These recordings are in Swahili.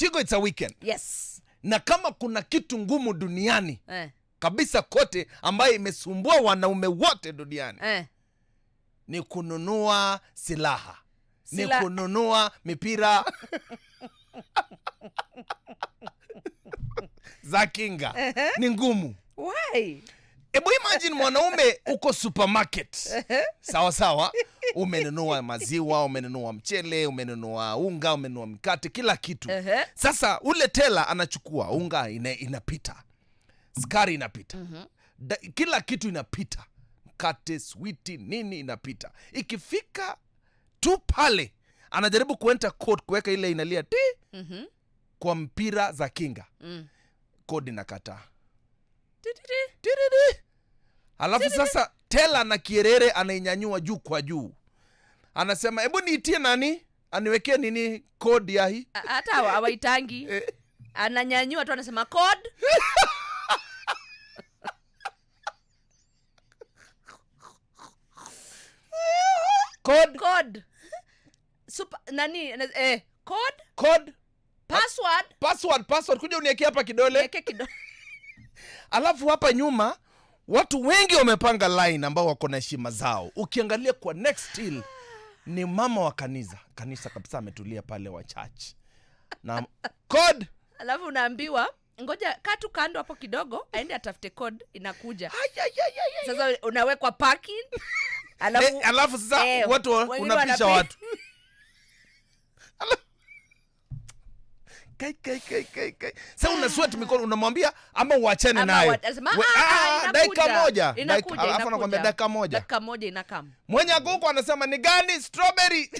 Chigo, it's a weekend. Yes. Na kama kuna kitu ngumu duniani eh, kabisa kote ambayo imesumbua wanaume wote duniani eh, ni kununua silaha Sila... ni kununua mipira za kinga uh -huh. Ni ngumu. Why? Ebu imagine mwanaume uko supermarket sawasawa, umenunua maziwa, umenunua mchele, umenunua unga, umenunua mkate, kila kitu. uh -huh. Sasa ule tela anachukua unga ina, inapita, skari inapita, uh mhm. -huh. da, kila kitu inapita, mkate, switi, nini inapita. Ikifika tu pale anajaribu kuenta code kuweka ile inalia ti uh-huh. kwa mpira za kinga mm. Code inakataa alafu sasa tela na kierere anainyanyua juu kwa juu anasema hebu niitie nani aniwekee nini code ya hii. Hata hawaitangi eh. ananyanyua tu anasema code code code super nani eh code code password password password, kuja uniwekee hapa kidole, kidole. Alafu hapa nyuma watu wengi wamepanga line ambao wako na heshima zao, ukiangalia kwa next till ni mama wa kanisa kanisa kabisa, ametulia pale wachach na code, alafu unaambiwa ngoja katu kando hapo kidogo, aende atafute code, inakuja sasa, unawekwa parking eh, alafu, alafu sasa eh, watu unapisha watu kai kai kai kai kai. Sasa unasweat ah. mikono unamwambia ama uachane naye. Ah, ah, dakika moja. Alafu anakuambia dakika moja. Dakika moja inakam. Mwenye ako huko anasema ni gani strawberry?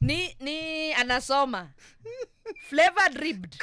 Ni ni anasoma. Flavor dripped.